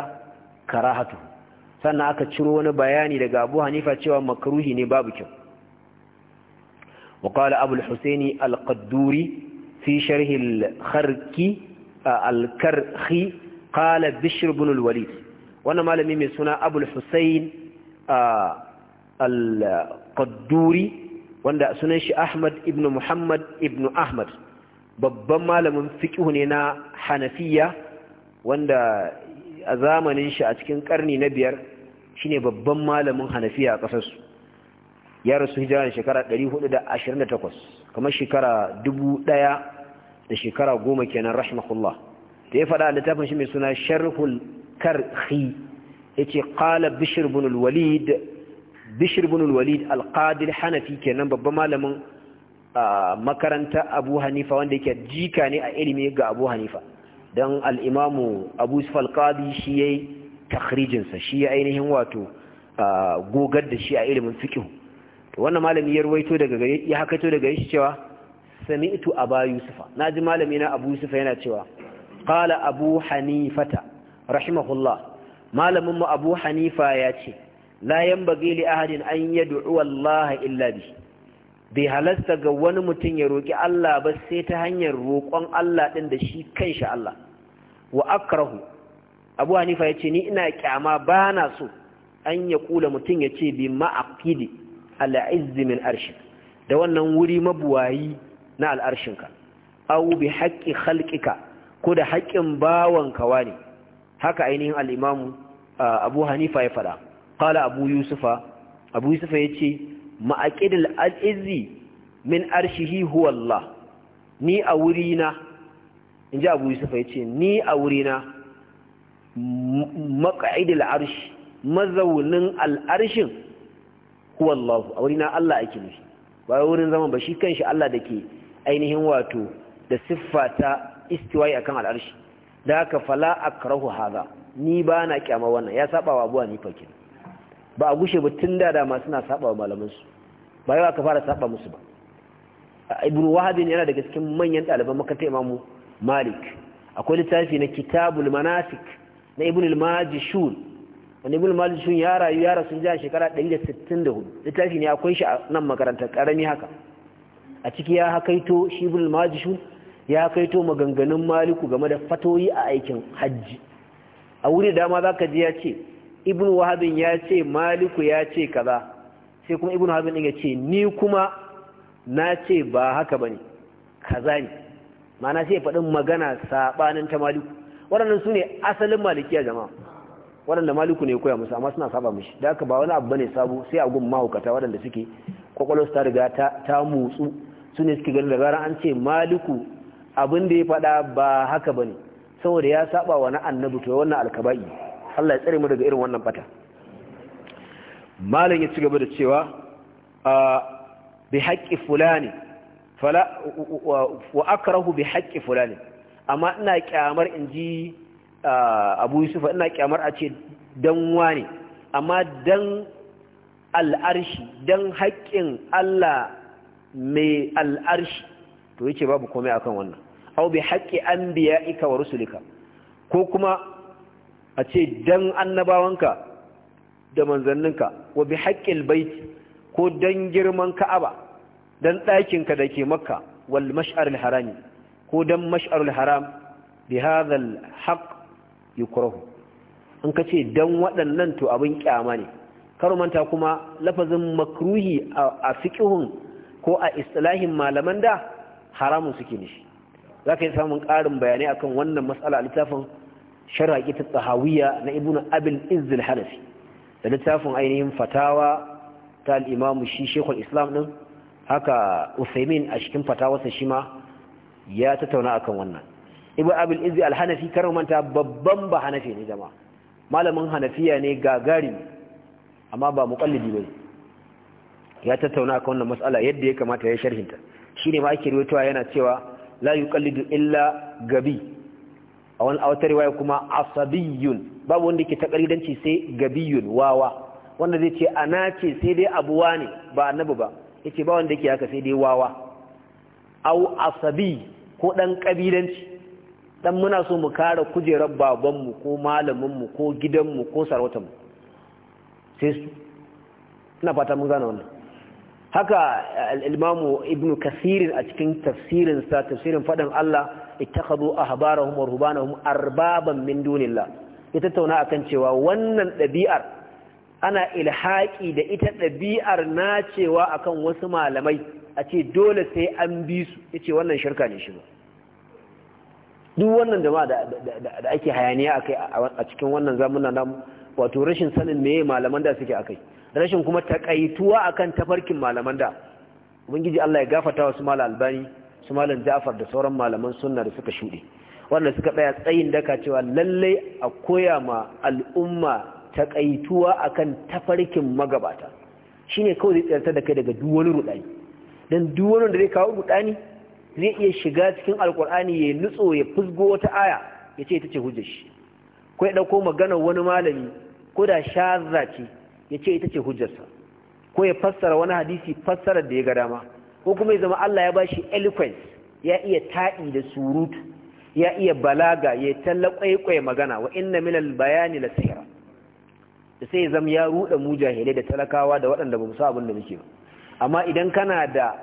karahatu sannan aka ciro wani bayani daga abu hanifa cewa makaruhi ne babu kyau waƙala abu husaini alƙadduri fi sharhil kharki alkarhi ƙala bishir bunul walid wannan malami mai suna abu husain alƙadduri shi ahmad ibn muhammad ibn ahmad babban malamin fiqh ne na hanafiya wanda a zamanin shi a cikin karni na biyar shine babban malamin hanafiya a kasar ya rasu hijira shekara 428 kamar shekara 1000 da shekara 10 kenan rahimahullah da ya faɗa a littafin shi mai suna sharhul karhi yace qala bishr ibn al-walid bishr al-walid hanafi kenan babban malamin makaranta abu hanifa wanda yake jika ne a ilimi ga abu hanifa don al'imamu abu falkadi shi ya yi takhrijinsa shi ya ainihin wato gogar da shi a ilimin fikihu wannan malami ya ruwaito daga gare ya hakaito daga shi cewa sami'tu aba yusufa na ji malami na abu yusufa yana cewa qala abu hanifata rahimahullah malamin mu abu hanifa ya ce la yanbaghi li ahadin an yad'u Allah illa bihi bai halasta ga wani mutum ya roƙi Allah ba sai ta hanyar roƙon Allah ɗin da shi kanshi Allah wa akrahu Abu Hanifa ya ce ni ina kyama ba na so an ya kula mutum ya ce bi ma'aqidi ala min da wannan wuri mabuwayi na al'arshinka aw bi haqqi khalqika ko da haƙƙin bawanka wani haka ainihin al'imamu Abu Hanifa ya faɗa qala Abu Yusufa Abu Yusufa yace ma'aqidul izzi min arshihi huwa Allah ni a wurina inji Abu ya ce ni a wurina maq'idul arsh mazaunin al'arshin huwa Allah a wurina Allah ake nufi ba wurin zaman ba shi kanshi Allah da ke ainihin wato da siffa ta istiwai akan al'arshi da haka fala akrahu haza. ni ba na kyamawa wannan ya saba wa abuwa ni fakin ba a gushe ba tun da dama suna saba wa malamansu ba yawa ka fara saba musu ba ibn wahabin yana daga cikin manyan ɗaliban makarantar imamu malik akwai littafi na kitabul manasik na ibn al-majishun wanda ibn al-majishun ya rayu ya rasu jiya shekara 164 littafi ne akwai shi a nan makarantar karami haka a ciki ya hakaito shi ibn al-majishun ya hakaito maganganun maliku game da fatoyi a aikin hajji a wuri da dama zaka ji ya ce ibn wahabin ya ce maliku ya ce kaza sai kuma ibn wahabin din ya ce ni kuma na ce ba haka bane kaza ne ma'ana sai faɗin magana sabanin ta maliku waɗannan su ne asalin malikiya jama'a waɗanda maliku ne koya musu amma suna saba mishi da haka ba wani abu bane sabo sai a gun mahaukata waɗanda suke kwakwalwar ta riga ta motsu su ne suke gani da gara an ce maliku abin da ya faɗa ba haka bane saboda ya saba wa na annabi to wannan alkaba'i Allah ya tsare mu daga irin wannan bata malam ya ci gaba da cewa bi haqqi fulani fala wa akrahu bi haqqi fulani amma ina kyamar inji Abu Yusuf ina kyamar a ce dan wani. amma dan al'arshi dan haƙƙin Allah mai al'arshi to yace babu komai akan wannan aw bi haqqi anbiya'ika wa rusulika ko kuma a ce dan annabawanka da manzanninka wa bi baiti ko dan girman ka'aba dan ɗakinka da ke makka wal mash'arul harami ko dan mash'arul haram bi hadhal yi kurahu, in ka ce dan waɗannan to abin kyama ne kar manta kuma lafazin makruhi a fiqhun ko a istilahin malaman da haramun suke nishi zaka yi samun ƙarin bayanai akan wannan a littafin sharaki ta tsahawiya na ibn abin izil hanafi da littafin ainihin fatawa ta al'imamu shi shekul islam ɗin haka usaimin a cikin fatawarsa shi ma ya tattauna kan wannan ibn abin izil hanafi manta babban ba hanafi ne jama malamin hanafiya ne gagari amma ba muƙallidi ba ya tattauna kan wannan matsala yadda ya kamata ya sharhinta shi ne ma ake riwatuwa yana cewa la yuqallidu illa gabi a wani awatar riwaya kuma asabiyun babu wanda ke takaridanci sai gabiyun wawa wanda zai ce ana ce sai dai abuwa ne ba annabi ba yace ba wanda yake haka sai dai wawa au asabi ko dan kabilanci dan muna so mu kare kujerar babanmu ko malaminmu ko gidanmu ko sarautarmu sai su ina fata mun gane wannan haka al-imamu ibnu kasirin a cikin tafsirin sa tafsirin fadan Allah ittakhadhu ahbarahum wa rubanahum arbaban min dunillah ita tauna akan cewa wannan ɗabi'ar ana ilhaki da ita ɗabi'ar na cewa akan wasu malamai a ce dole sai an bi su yace wannan shirka ne shi ba duk wannan jama'a da ake hayaniya akai a cikin wannan zamanin nan wato rashin sanin meye malaman da suke akai rashin kuma takaituwa akan tafarkin malaman da ubangiji Allah ya gafarta wasu mala albani su malam ja'far da sauran malaman sunna da suka shuɗe wanda suka tsaya tsayin daka cewa lallai a koya ma al'umma takaituwa akan tafarkin magabata shine kawai zai tsayarta da kai daga duk wani rudani dan duk wani da zai kawo rudani zai iya shiga cikin alkur'ani ya nutso ya fusgo wata aya ya ce ita ce hujjar shi ko ya ɗauko maganar wani malami ko da shazza ce ya ce ita ce hujjarsa ko ya fassara wani hadisi fassarar da ya ga dama ko kuma ya zama Allah ya bashi eloquence ya iya taɗi da surutu ya iya balaga ya talla kwaikwaye magana wa inna minal bayani la sihra sai ya zama ya ruɗa mu jahilai da talakawa da waɗanda ba mu sa abin da muke ba amma idan kana da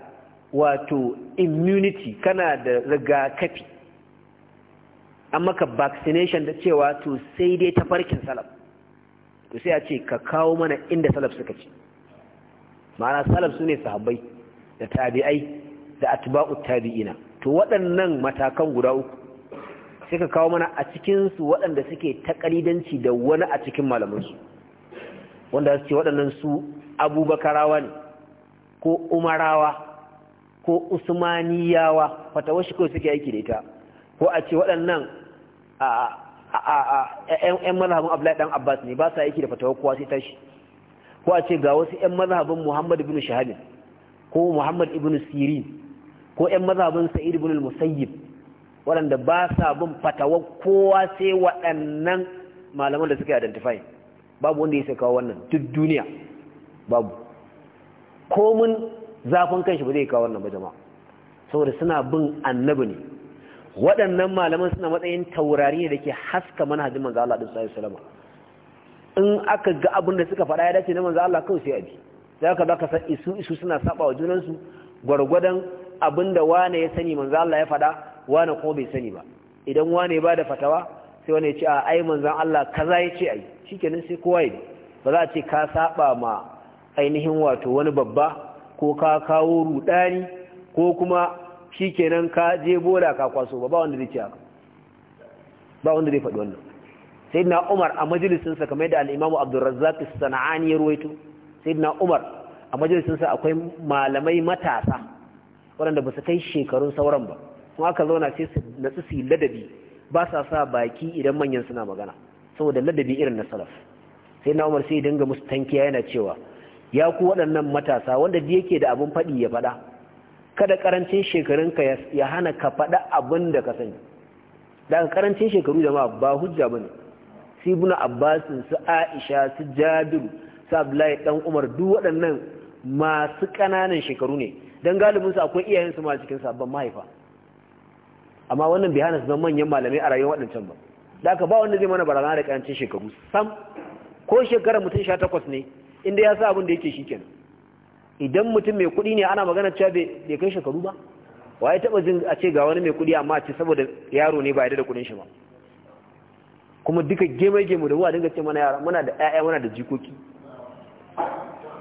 wato immunity kana da rigakafi an maka vaccination da cewa to sai dai ta farkin salaf to sai a ce ka kawo mana inda salaf suka ce ma'ana salaf su ne sahabbai da tabi'ai da atba'u tabi'ina to waɗannan matakan guda uku suka kawo mana a cikin su waɗanda suke takalidanci da wani a cikin malaman su wanda su ce waɗannan su abubakarawa ne ko umarawa ko usmaniyawa fatawar shi kawai suke aiki da ita ko a ce waɗannan ‘yan mazhabin Abdullahi ɗan Abbas ne ba sa aiki da fatawar kowa sai tashi ko a ce ga wasu ‘yan mazhabin Muhammadu bin Shahabin ko Muhammad ibn Sirin ko ƴan mazabin Sa'id ibn al-Musayyib waɗanda ba sa bin fatawa kowa sai waɗannan malaman da suka identify babu wanda ya kawo wannan duk duniya babu mun zafin kanshi ba zai kawo wannan ba jama'a saboda suna bin annabi ne waɗannan malaman suna matsayin taurari ne da ke haska manhajin manzo Allah sallallahu alaihi wasallam in aka ga abin da suka faɗa ya dace na manzo Allah kawai sai a bi da haka zaka san isu isu suna saba wa junansu gwargwadon abin da wane ya sani manzo Allah ya fada wane ko bai sani ba idan wane ba da fatawa sai wane ya ce a ai manzon Allah kaza ya ce ai shikenan sai kowa ya ba za a ce ka saba ma ainihin wato wani babba ko ka kawo rudani ko kuma shikenan ka je bola ka kwaso ba ba wanda zai ce haka ba wanda zai faɗi wannan sayyidina Umar a sa kamar da al-Imam Abdul Razzaq as-Sana'ani ya ruwaito sayyidina umar a majalisinsa akwai malamai matasa waɗanda ba su kai shekarun sauran ba kuma aka zauna sai su natsu su yi ladabi ba sa sa baki idan manyan suna magana saboda ladabi irin na salaf sai na umar sai dinga musu tankiya yana cewa ya ku waɗannan matasa wanda da yake da abin faɗi ya faɗa kada karancin shekarunka ya hana ka faɗa abin da ka sani daga karancin shekaru jama'a ba hujja bane sai buna abbasin su aisha su jabiru sa Abdullahi dan Umar duk waɗannan masu ƙananan shekaru ne Don galibin su akwai iyayen su ma cikin sabon mahaifa amma wannan bihana hana su zama manyan malamai a rayuwar waɗancan ba da aka ba wanda zai mana barazana da ƙarancin shekaru sam ko shekarar mutum sha takwas ne inda ya sa abin da yake shi kenan idan mutum mai kuɗi ne ana magana cewa bai kai shekaru ba wa ya taɓa jin a ce ga wani mai kuɗi amma a ce saboda yaro ne ba ya da kuɗin shi ba kuma duka gemai gemu da wa dinga ce mana yara muna da ƴaƴa muna da jikoki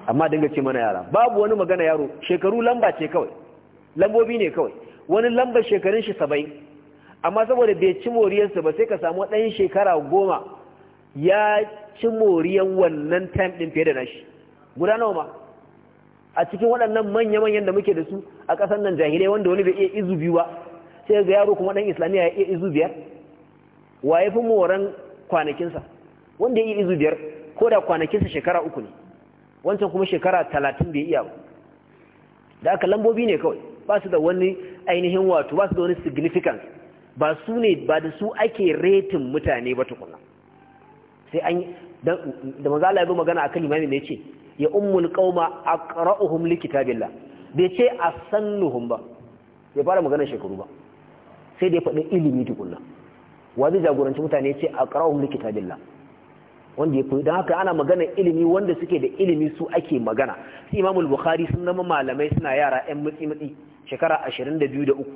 amma dinga ce mana yara babu wani magana yaro shekaru lamba ce kawai lambobi ne kawai wani lamba shekarun shi saba'in amma saboda bai ci moriyarsa ba sai ka samu ɗan shekara goma ya ci moriyar wannan time ɗin fiye da nashi guda nawa ma a cikin waɗannan manya-manyan da muke da su a ƙasar nan jahilai wanda wani bai iya izu biyu ba sai ga yaro kuma ɗan islamiyya ya iya izu biyar wa ya fi moran kwanakinsa wanda ya iya izu biyar ko da kwanakinsa shekara uku ne wancan kuma shekara talatin bai iya ba da aka lambobi ne kawai ba su da wani ainihin wato ba su da wani significance ba su ne ba da su ake retin mutane ba tukuna sai an da maza magana akan imami ne ce ya ummul qauma aqra'uhum likitabillah bai ce asannuhum ba bai fara maganar shekaru ba sai da ya faɗi ilimi tukuna wa zai jagoranci mutane ce aqra'uhum likitabillah wanda ya koyi don haka ana magana ilimi wanda suke da ilimi su ake magana su imamul bukhari sun zama malamai suna yara yan matsi matsi shekara ashirin da biyu da uku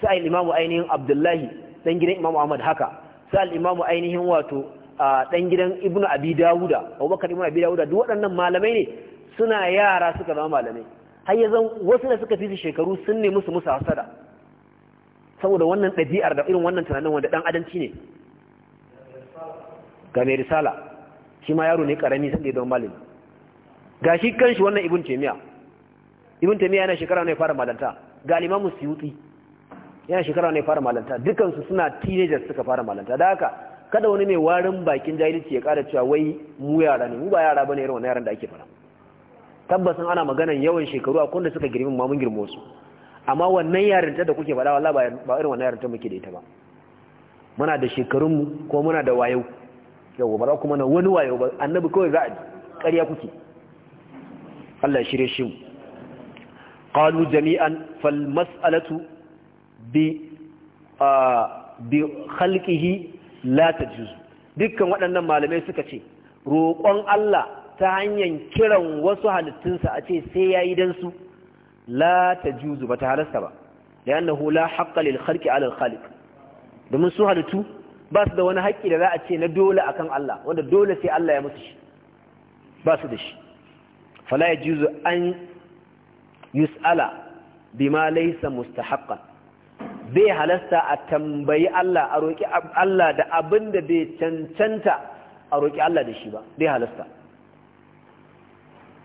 su al imamu ainihin abdullahi dan gidan imamu ahmad haka su al imamu ainihin wato dan gidan ibnu abi dawuda abubakar ibnu abi dawuda duk waɗannan malamai ne suna yara suka zama malamai har yanzu wasu da suka fi su shekaru sun nemi su musu hasada saboda wannan ɗabi'ar da irin wannan tunanin wanda ɗan adamci ne ga mai risala shi ma yaro ne karami sanda ya zama malami ga shi kan shi wannan ibn taymiya ibn taymiya yana shekara ne fara malanta ga limamu suyuti yana shekara ne fara malanta dukan su suna teenagers suka fara malanta da haka kada wani mai warin bakin jahilci ya kada cewa wai mu yara ne mu ba yara bane irin wannan yaran da ake fara tabbasin ana maganan yawan shekaru akwai wanda suka girmi ma mun girmo su amma wannan yarinta da kuke faɗa wallahi ba irin wannan yarinta muke da ita ba muna da shekarunmu ko muna da wayo yau ba za kuma na wani wayo ba annabi kawai za a ji ƙarya kuke Allah shirye shi mu Ƙalu jami'an fal mas'alatu bi bi khalqihi la dukkan waɗannan malamai suka ce roƙon Allah ta hanyar kiran wasu halittunsa a ce sai yayi dan su la juzu ba ta halasta ba Da la haqqa lil khalqi 'ala al domin su halittu ba su da wani haƙƙi da za a ce na dole a kan Allah wanda dole sai Allah ya mutu shi ba su da shi fala ya juzu an yus'ala bi bima laysa mustahaqqan bai halasta a tambayi Allah a roƙi Allah da abin da bai cancanta a roƙi Allah da shi ba bai halasta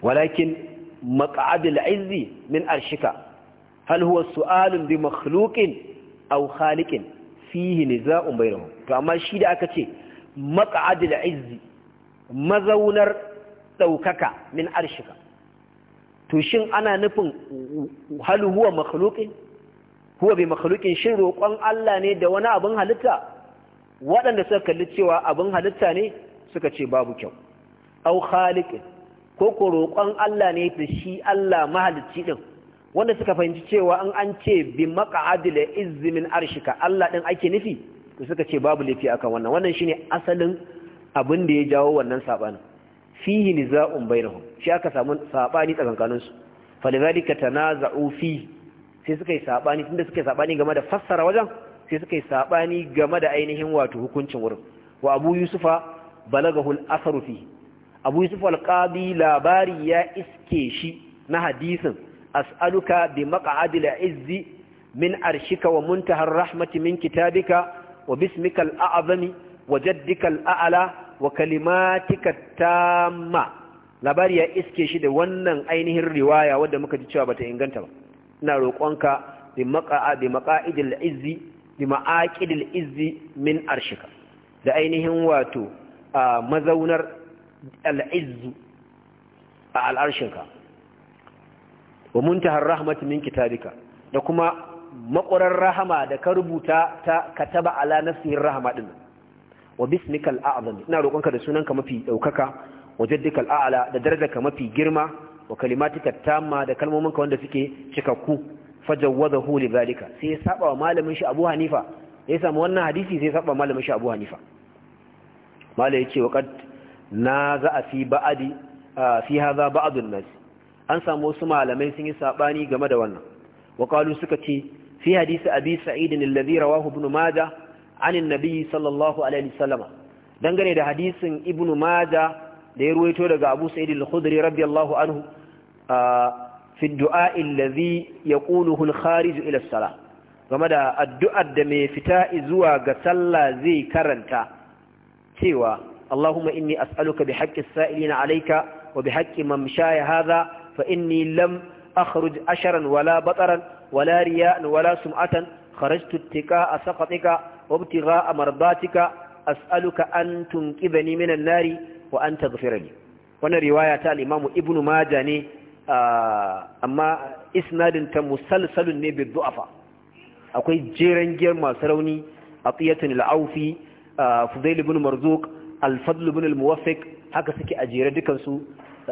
walakin maq'adul izzi min arshika hal huwa su'alun bi makhluqin aw khaliqin fihi niza'un bainahum to amma shi da aka ce maq'adul izzi mazaunar daukaka min arshika to shin ana nufin hal huwa makhluqin huwa bi makhluqin shin roƙon Allah ne da wani abin halitta waɗanda suka kalli cewa abin halitta ne suka ce babu kyau au khaliqin ko ko roƙon Allah ne da shi Allah mahalicci din wanda suka fahimci cewa an an ce bi maq'adi izzi min arshika Allah din ake nufi to suka ce babu lafi akan wannan wannan shine asalin abin da ya jawo wannan sabanin fihi niza'un bainahum shi aka samu sabani tsakankanin su falidhalika tanaza'u fi sai suka yi sabani tunda suka yi sabani game da fassara wajen sai suka yi sabani game da ainihin wato hukuncin wurin wa abu yusufa balagahul asaru fi abu yusufa alqadi labari ya iske shi na hadisin as'aluka bi maq'adil izzi min arshika wa muntahar rahmati min kitabika wa bismikal a'zami wa jaddikal a'ala wa kalimatika tamma labari ya iske shi da wannan ainihin riwaya wadda muka ji cewa bata inganta ba ina roƙonka bi maqa'a bi maqa'idil izzi bi ma'aqidil izzi min arshika da ainihin wato mazaunar al'izzu a al'arshinka wa muntahar rahmatin min kitabika da kuma makurar rahama da ka rubuta ta kataba ala nafsihi rahama din wa bismikal a'zam ina roƙonka da sunanka mafi daukaka wa jaddikal a'la da darajarka mafi girma wa kalimatika tamma da kalmominka wanda suke cikakku fajawwadahu li zalika sai ya saba wa malamin shi Abu Hanifa ya samu wannan hadisi sai ya saba malamin shi Abu Hanifa mala yace wa qad na za fi ba'di fi hadha ba'd an-nas an samu wasu malamai sun yi sabani game da wannan wa suka ce fi hadisi abi sa'id alladhi rawahu ibn majah an annabi sallallahu alaihi wasallam dangane da hadisin ibn majah da ya ruwaito daga abu sa'id al-khudri radiyallahu anhu fi du'a alladhi yaquluhu al-kharij ila as-salah game da addu'ar da mai fita zuwa ga sallah zai karanta cewa Allahumma inni as'aluka bi haqqi as-sa'ilina alayka wa bi haqqi man shaya hadha fa inni lam akhruj asharan wala batsaran wala riya'an wala sum'atan kharajtu ittiqa asaqatika wa ibtigha'a mardatika as'aluka an tunqidhani minan nari wa an taghfirani wannan riwaya ta al-imamu ibnu majah ne amma isnadin ta musalsalun ne bi du'afa akwai jeran giyar masu rauni atiyatun al-aufi fudail ibn marzuq al-fadl ibn haka suke a jere dukansu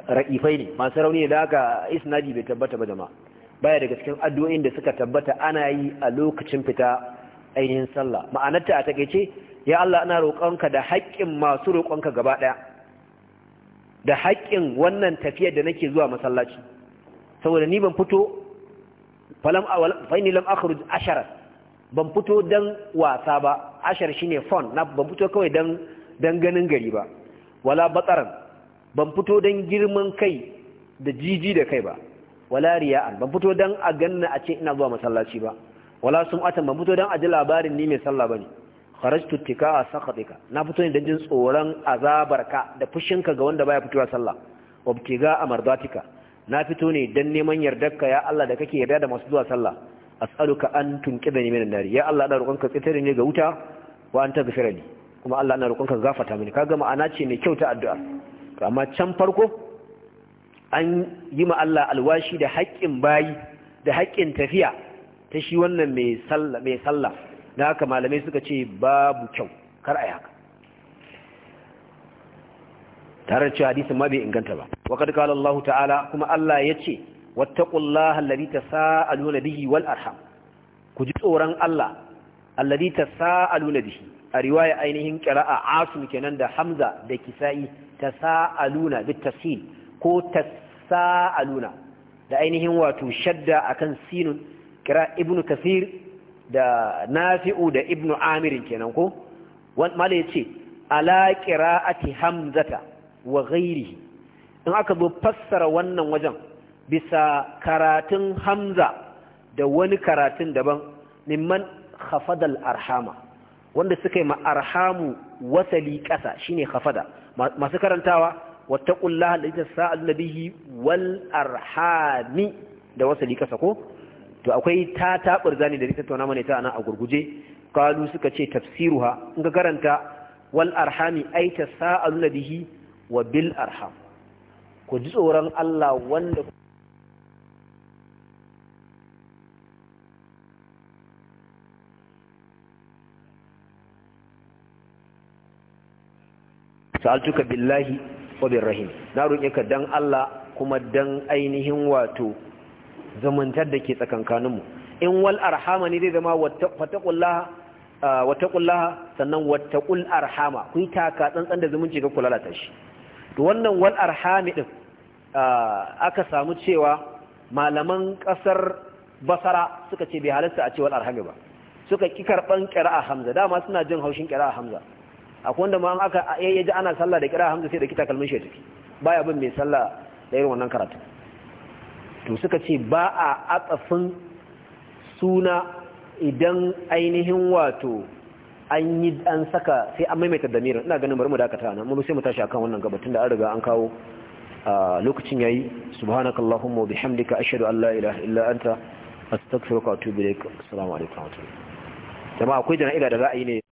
ra'ifai ne masu rauni da aka isnadi bai tabbata ba jama'a baya daga cikin addu'o'in da suka tabbata ana yi a lokacin fita ainihin sallah ma'anarta a takeice ya Allah ana roƙonka da haƙƙin masu roƙonka gaba ɗaya da haƙƙin wannan tafiyar da nake zuwa masallaci saboda ni ban fito falam fa'ini ashara ban fito dan wasa ba ashar shine fon na ban fito kawai dan dan ganin gari ba wala batsaran ban fito don girman kai da jiji da kai ba wala riya'an ban fito don a ganna a ce ina zuwa masallaci ba wala sum'atan ban fito don a ji labarin ni mai sallah bane kharajtu tikaa sakhatika na fito ne don jin tsoron azabarka da fushinka ga wanda baya fitowa sallah wabtiga amardatika na fito ne don neman yardarka ya Allah da kake yarda da masu zuwa sallah as'aluka an ni minan nar ya Allah ina roƙonka tsitare ne ga wuta wa an tagfirani kuma Allah ina roƙonka gafarta mini kaga ma'ana ce mai kyau ta addu'a amma can farko an yi ma Allah alwashi da haƙƙin bayi da haƙƙin tafiya ta shi wannan mai sallah da haka malamai suka ce babu kyau kar a haka tare da cewa hadisin ma bai inganta ba Waƙar qala Allah ta'ala kuma Allah yace wattaqullaha alladhi tasaaluna bihi wal arham ku ji tsoron Allah alladhi tasaaluna bihi a riwaya ainihin qira'a asim kenan da hamza da kisa'i tasaaluna bitafsil ko tasaaluna da ainihin wato shadda akan sinun kira ibnu kasir da nafi'u da ibnu amir kenan ko mala ce, ala qira'ati hamzata wa ghairihi in aka zo fassara wannan wajen bisa karatun hamza da wani karatun daban mimman khafadal arhama wanda suka yi ma arhamu wasali ƙasa shine khafada masu karantawa wattaqullaha allati tasaaluna bihi wal arhami da wasali ƙasa ko to akwai ta tabar zani da ita tauna mana ita ana a gurguje kalu suka ce tafsiruha in ka karanta wal arhami ay tasaaluna bihi wa bil arham ku ji tsoron Allah wanda sa'altuka billahi wa birrahim na roƙe ka dan Allah kuma dan ainihin wato zamantar da ke tsakankaninmu in wal arhama ne zai zama wattaqullaha sannan wattaqul arhama ku taka tsantsan da zumunci ga kula shi to wannan wal arhami din aka samu cewa malaman ƙasar basara suka ce bai halarta a ce wal arhami ba suka ƙi karban a hamza dama suna jin haushin a hamza akwai wanda ma aka ya ji ana sallah da kira hamza sai da kita kalmin shi tafi baya bin mai sallah da irin wannan karatu to suka ce ba a atsafin suna idan ainihin wato an yi an saka sai an maimaita damirin ina ganin bari mu dakata nan mu sai mu tashi akan wannan gaba da an riga an kawo lokacin yayi subhanakallahumma wa bihamdika ashhadu an la ilaha illa anta astaghfiruka wa atubu ilaik assalamu alaikum jama'a akwai jana'iza da za a yi ne